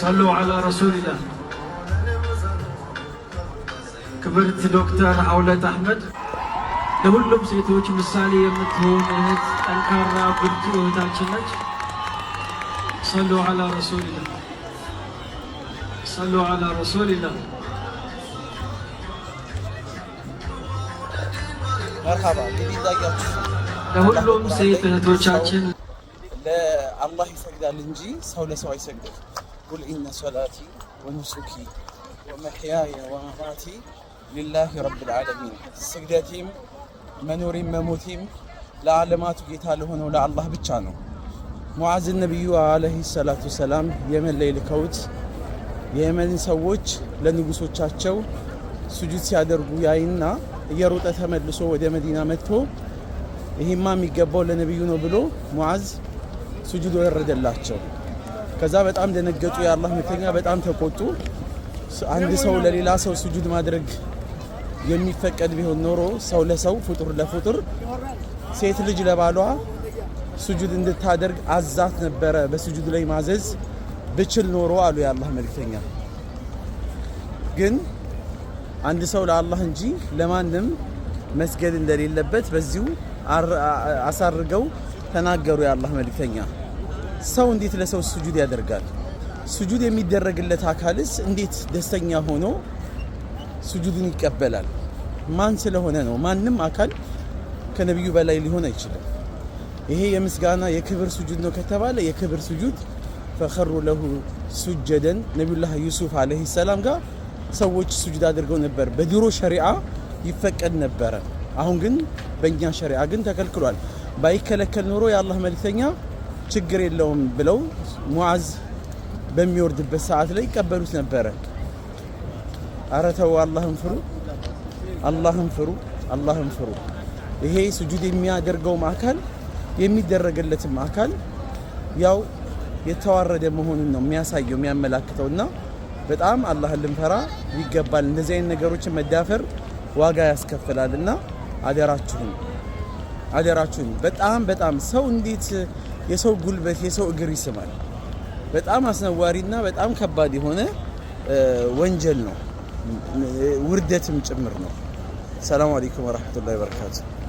ሰሉ ዓላ ረሱሊላህ ክብርት ዶክተር ሀውለት አህመድ ለሁሉም ሴቶች ምሳሌ የምትሆን እህት፣ ጠንካራ ብርቱ እህታችን ነች። ሰሉ ዓላ ረሱሊላህ ሰሉ ዓላ ረሱሊላህ ለሁሉም ሴት እህቶቻችን ለአላህ ይሰግዳል እንጂ ሰው ለሰው አይሰግድም። ቁል ኢነ ሰላቲ ወኑሱኪ ወመሕያየ ወመማቲ ሊላህ ረብል ዓለሚን ስግደቴም መኖሬም መሞቴም ለዓለማቱ ጌታ ለሆነው ለአላህ ብቻ ነው። ሙዓዝን ነቢዩ ዓለይሂ ሰላቱ ሰላም የመን ላይ ልከውት የየመን ሰዎች ለንጉሶቻቸው ሱጁድ ሲያደርጉ ያይና እየሮጠ ተመልሶ ወደ መዲና መጥቶ ይህማ የሚገባው ለነቢዩ ነው ብሎ ሙዓዝ ስጁድ ወረደላቸው። ከዛ በጣም ደነገጡ። የአላህ መልክተኛ በጣም ተቆጡ። አንድ ሰው ለሌላ ሰው ስጁድ ማድረግ የሚፈቀድ ቢሆን ኖሮ ሰው ለሰው ፍጡር ለፍጡር ሴት ልጅ ለባሏ ስጁድ እንድታደርግ አዛት ነበረ። በስጁዱ ላይ ማዘዝ ብችል ኖሮ አሉ የአላህ መልክተኛ። ግን አንድ ሰው ለአላህ እንጂ ለማንም መስገድ እንደሌለበት በዚሁ አሳርገው ተናገሩ። የአላህ መልክተኛ ሰው እንዴት ለሰው ስጁድ ያደርጋል? ስጁድ የሚደረግለት አካልስ እንዴት ደስተኛ ሆኖ ስጁዱን ይቀበላል? ማን ስለሆነ ነው? ማንም አካል ከነቢዩ በላይ ሊሆን አይችልም። ይሄ የምስጋና የክብር ስጁድ ነው ከተባለ የክብር ስጁድ ፈኸሩ ለሁ ሱጀደን ነቢዩላህ ዩሱፍ አለይሂ ሰላም ጋር ሰዎች ስጁድ አድርገው ነበር። በድሮ ሸሪዓ ይፈቀድ ነበረ። አሁን ግን በእኛ ሸሪዓ ግን ተከልክሏል። ባይከለከል ኖሮ የአላህ መልክተኛ ችግር የለውም ብለው ሙዓዝ በሚወርድበት ሰዓት ላይ ይቀበሉት ነበረ። አረተው ተው አላህን ፍሩ፣ አላህን ፍሩ፣ አላህን ፍሩ። ይሄ ስጁድ የሚያደርገውም አካል የሚደረግለትም አካል ያው የተዋረደ መሆኑን ነው የሚያሳየው የሚያመላክተው እና በጣም አላህን ልንፈራ ይገባል። እንደዚህ አይነት ነገሮችን መዳፈር ዋጋ ያስከፍላል እና አደራችሁን አደራችሁን። በጣም በጣም ሰው እንዴት የሰው ጉልበት የሰው እግር ይስማል? በጣም አስነዋሪና በጣም ከባድ የሆነ ወንጀል ነው፣ ውርደትም ጭምር ነው። ሰላም አለይኩም ወራህመቱላሂ ወበረካቱ።